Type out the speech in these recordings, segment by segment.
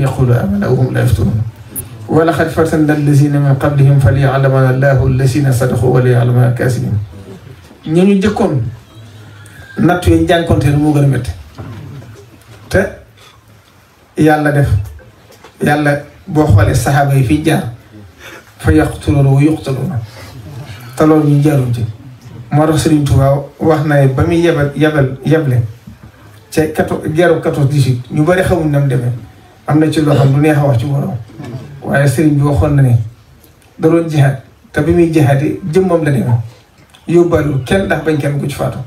يقولوا آمنا وهم لا يفتنون ولقد فتنا الذين من قبلهم فليعلمنا الله الذين صدقوا وليعلمنا الكاذبين ñi ñu jëkkoon natt yi jànkonteel moo gën a métti te yàlla def yàlla boo xoolee saxaaba yi fi jaar fa yaqtuluuna wa yuqtaluuna te loolu ñu jaaruñ ci moo tax Sëriñ Tuubaa wax na ba muy yebal yebal yeble ca quatorze geeru quatorze dix-huit ñu bari xamuñ na mu demee am na ci loxo xam du neex a wax ci borom waaye sëriñ bi waxoon na ne da doon te bi muy jihaad yi jëmmam la demee yóbbaale kenn ndax bañ kenn ku ci faatu.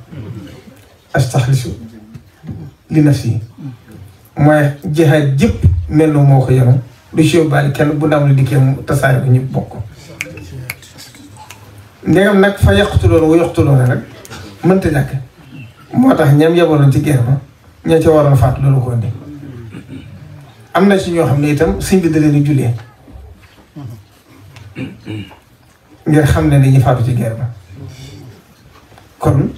astaxlisu li nafsi si jihaad jëpp mel na moo ko yoroon du ci kenn bu ndam la dikkee mu tasaare ñëpp bokk. ndegam nag fa yàqutuloon wu yàqutuloon rek mënta ñàkk moo tax ñam yabaloon ci guerre ba ña ca waroon faatu loolu ko indi. am na si ñoo xam ne itam sëñ bi da leen di jullee ngir xam ne dañuy faatu ci guerre ba kon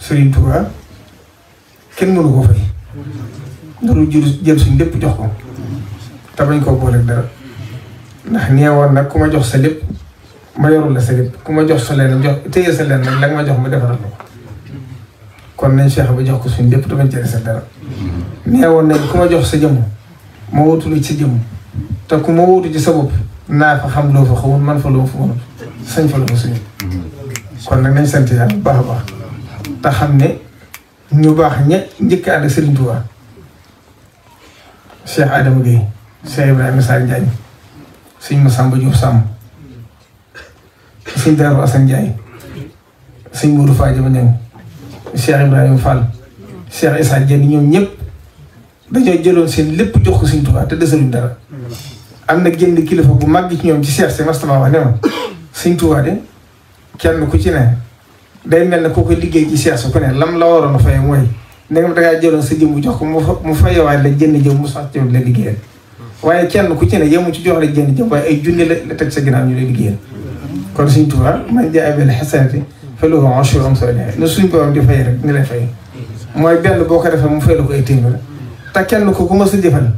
Serigne Touba kenn mënu ko fay loolu jël jël suñ lépp jox ko te bañ koo booleeg dara ndax neewoon nag ku ma jox sa lépp ma yorul la sa lépp ku ma jox sa leen jox téye sa leen la nga jox ma defaral la kon nañ Cheikh ba jox ko suñ lépp te bañ cee sa dara neewoon nañ ku ma jox sa jëmm. ma wóotu la ci jëmm te ku ma wóotu ci sa bopp naa fa xam loo fa xamul man fa loo fa mënul sañ fa la ko suñu kon nag nañ sant yàlla bu baax a baax te xam ne ñu baax ña njëkk ànd ak Serigne Touba Cheikh Adama Gueye Samb Sëñ Darou Assane Ndiaye Sëñ Modou Fadiama Niang Cheikh Ibrahima ñëpp dañoo jëloon seen lépp jox ko Sëriñ Tuubaa te desaluñ dara. am na génn kilifa bu mag ci ñoom ci Cheikh si mastama wax ne ma Sëriñ Tuubaa de ku ci ne mel ne kooku liggéey ci Cheikh su ku lam la waroon a fay ne nga dangaa jëloon sa jëmm jox ko mu fa mu fayewaay la jënd jëm mu sax yow la liggéeyal. waaye kenn ku ci ne yemu ci jox la jënd la la teg sa ginnaaw ñu kon Sëriñ Tuubaa man jaa bil hasanati falahu ashru suñ borom di fay rek ni lay fay mooy benn boo ko defee mu fay la ko ay téeméer te kenn ko ku ma sa jëfal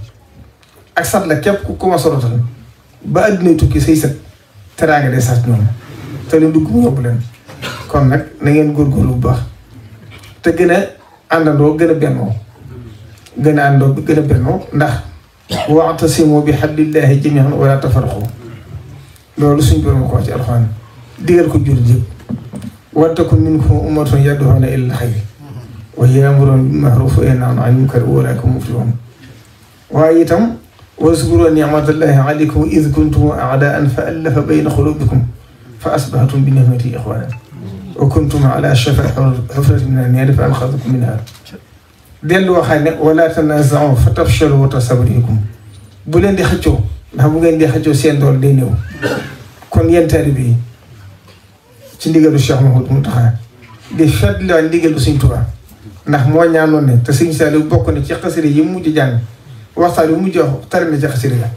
ak sat la képp ku ma sa rotal ba àdduna tukki say sët teraanga day sat noonu te leen dugg mu yóbbu leen kon nag na ngeen góorgóorlu bu baax te gën a àndandoo gën a bennoo gën a àndoo gën a bennoo ndax wa'tasimu bi hablillahi jami'an wala tafarraqu loolu suñ borom ko ci alxuraan digal ko jur ji wa takun minkum ummatun yad'una ila al-khayr واللي أمر المعروف إن عن المنكر ولكم مفلحون وأيتم واذكروا نعمة الله عليكم إذ كنتم أعداء فألف بين قلوبكم فأصبحتم بنعمته إخوانا وكنتم على شفا حفرة من النار فأنقذكم منها ديال الوحي ولا تنازعوا فتفشلوا وتصبريكم بولين دي خجو نحن بولين دي خجو سيان دول دينيو كون ينتاري بي تندقلوا الشيخ محمود متحا دي فدل عندي قلوا سنتوا ndax moo ñaanoon ne te sëñ Saliou bokk na ci xasida yi mujj jàng waxtaan wi mujj wax tari na ci xasida la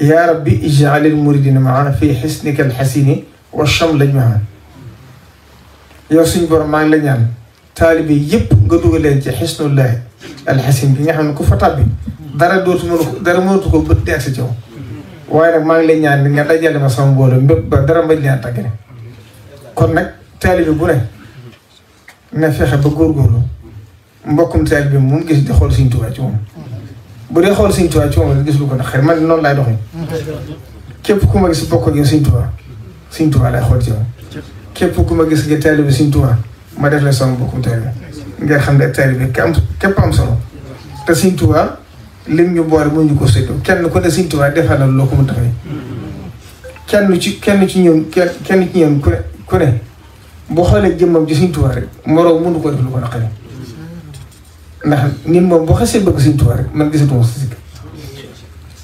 ya rabbi al muridin maa fi hisnika al alxasini wa shaml al maa yow suñ borom maa ngi la ñaan taalibe yépp nga dugal leen ci al hasin bi nga xam ne ku fa tàbbi dara dootu mënu ko dara mënatu ko bët deer sa caw waaye nag maa ngi lay ñaan nga dajale ma sama mbooloo mbépp ba dara mbañ leen tàggale kon nag taalibe bu ne na fexe ba góor góorgóorlu mbokkum taal bi moom gis di xool Sëriñ ci moom bu dee xool Sëriñ Tuubaa ci moom gis lu ko naqari man noonu laay doxee képp ku ma gis bokk ak yow Sëriñ xool ci képp ku ma gis nga taalibe Sëriñ ma def la sama bokkum taalibe nga xam ne taalibe ka am képp am solo te Sëriñ Tuubaa lim ñu boole mu ñu ko séddoo kenn ku ne Sëriñ Tuubaa defal na loo ko mën a defee kenn ci kenn ci ñëw kenn ci ñoom ku ne ku ne boo xoolee jëmmam ji suñ Tuubaa rek moroom mënu ko def lu ko naqari ndax nit moom bu xasee bëgg suñ Tuubaa rek man gisatuma si sikk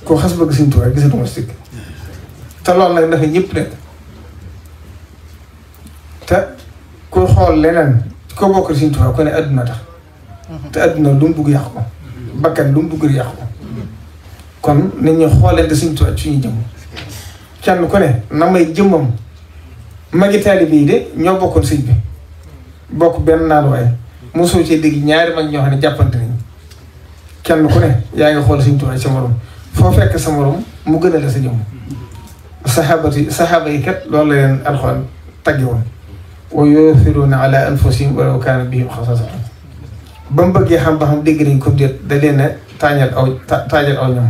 koo xas bëgg suñ Tuubaa rek gisatuma si sikk te loolu nag dafa ñëpp rek te ku xool leneen ko bokk te adduna lu mu bugg yàq ko bakkan lu mu bugg yàq ko xoolee da suñu jëmm kenn ku ne na may jëmmam magi taalibe yi de ñoo bokkoon sëñ bi bokk benn naan waaye mosoo cee dégg ñaari mag ñoo xam ne jàppante nañu kenn ku ne yaa ngi xool sëñ Tuubaa sa morom foo fekk sa morom mu gën a la sa jëmm saxaabati saxaaba yi kat loolu la leen alxuraan tagge woon wa yu'thiruuna ala anfusihim wa law kaana ba mu bëggee xam ba xam dégg nañ ko déet da leen a taañal aw taañal aw ñoom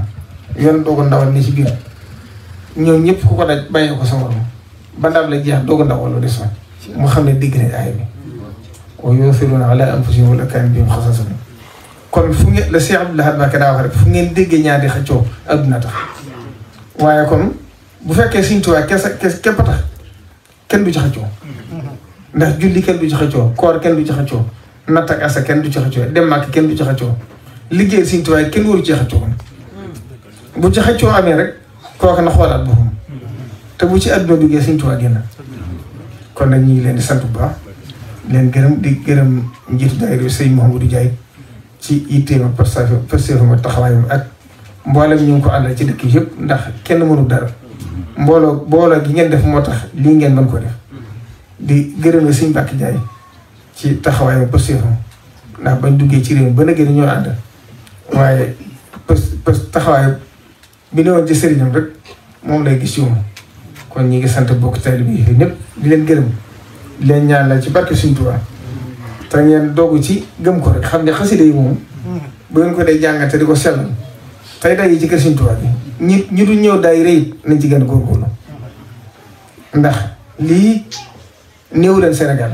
yoon doo ko ndawal ni ci biir ñoom ñëpp ku ko daj bàyyi ko sa morom ba ndab la jeex doog a ndaw wala des nag mu xam ne digg nañ aay bi wa yuusiruuna ala anfusihim walaw kaana bihim xasaasatun kon fu ngeen la Cheikh Abdoul Ahad Mbacké daa wax rek fu ngeen déggee ñaari xëccoo adduna tax waaye kon bu fekkee Sëriñ Tuubaa kese kese képp tax kenn du ci xëccoo ndax julli kenn du ci xëccoo koor kenn du ci xëccoo natt ak asa kenn du ci xëccoo dem Màkka kenn du ci xëccoo liggéey Sëriñ Tuubaa kenn waru ci xëccoo bu ci xëccoo amee rek kooku na xoolaat boppam te bu ci bi duggee seigne touba génn kon nak ñi leen di sant bu baax leen gërëm di gërëm njiitu daayira seigne sëñ jay ci ité ma passage pasteefam ma taxaway ak mbolam ñu ko andal ci dëkk yëpp ndax kenn mënu dara mbolo bolo gi ngeen def motax li ngeen mën ko def di gërëme seigne bakki jay ci taxawaayam ak pasteefam ndax bañ duggé ci réew ba nag ñoo andal waye pas pas taxawaay bi ne woon ci sëriñam rek mom lay gis ci moom kon ñi ngi sant bokk taalibe bi ñëpp di leen gërëm di leen ñaan la ci barke Sëriñ Tuubaa te ngeen doogu ci gëm ko rek xam ne xasida yi moom bu ngeen ko dee ko sellal tey daje ci kër Sëriñ Tuubaa ñi du ñëw daay rëy nañ ci gën a góorgóorlu ndax lii néew leen Sénégal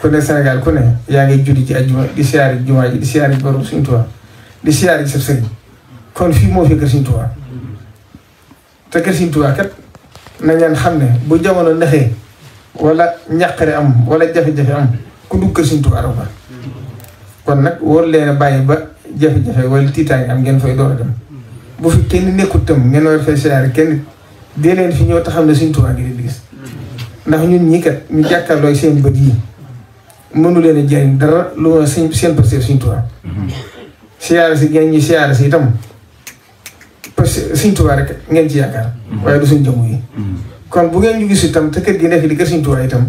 ku ne Sénégal ku yaa ngi julli ci ajjuma di siyaari jumaa ji di siyaari borom Sëriñ Tuubaa di siyaari kon fii moo fi kër Sëriñ te kër Sëriñ Tuubaa kat nañ leen xam ne bu jamono naxee walla ñàqare am wala jafe-jafe am ku dugg kër Sëriñ Tuubaa raw fa kon nag war leen bàyyi ba jafe-jafe wala tiitaange am ngeen fay door a dem bu fi kenn nekkut tam ngeen war fay siyaare kenn dee leen fi ñëw te xam ne Sëriñ Tuubaa a leen lii gis ndax ñun ñii kat ñu jàkkaarloo seen bët yi mënu leen a jëriñ dara lu ma seen seen pasteur Sëriñ Tuubaa mm-hmm. siyaare si ngeen ñu siyaare si itam Sëriñ Tuubaa rek ngeen ci yaakaar mm. waaye du suñ jëmm yi mm. kon bu ngeen ñu gis itam te kër gi nekk di kër Sëriñ Tuubaa tam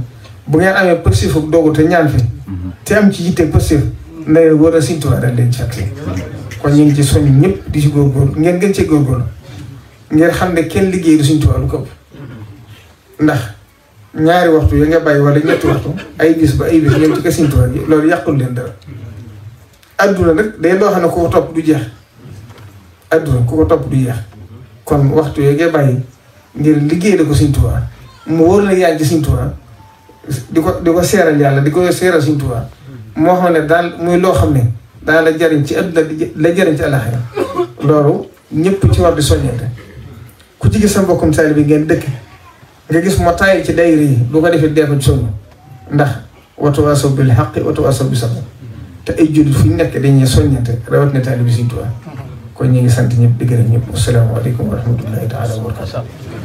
bu ngeen amee përsif ak doogu te ñaan fi mm-hmm. te am ci yitte përsif na ngeen war a Sëriñ Tuubaa kon ñu ngi ci soññ ñëpp di ci góorgóorlu ngeen gën cee góorgóorlu xam ne kenn liggéey du Sëriñ ko ndax ñaari waxtu yi nga bàyyi wala ñetti waxtu ay bis ba ay bis ñoom ci kër Sëriñ Tuubaa bi loolu yàqul leen dara adduna nag day loo xam ne ko topp du jeex adduna ku ko topp du yéex kon waxtu yooyu ngay bàyyi ngir liggéey la ko Sëñ Tuubaa mu wóor la yaa ngi ci Sëñ di ko di ko seeral yàlla di ko seeral Sëñ Tuubaa moo xam ne daal muy loo xam ne daal la jariñ ci adduna la jariñ ci àllaxira loolu ñëpp ci war di soññante ku ci gis sa mbokkum taalibe bi ngeen dëkk nga gis moo taayil ci daayira yi bu ko defee dee ko soññ ndax wa tawaasaw bil haqqi wa tawaasaw bis sabr te ay jullit fu ñu nekk dañuy soññante rawat ne taalibe bi Sëñ kon ñu ngi sant ñëpp di gërëm ñëpp asalaamaaleykum wa rahmatullahi taala wa barakatu